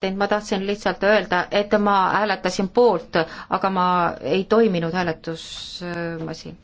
president, ma tahtsin lihtsalt öelda, et ma hääletasin poolt, aga ma ei toiminud hääletusmasin.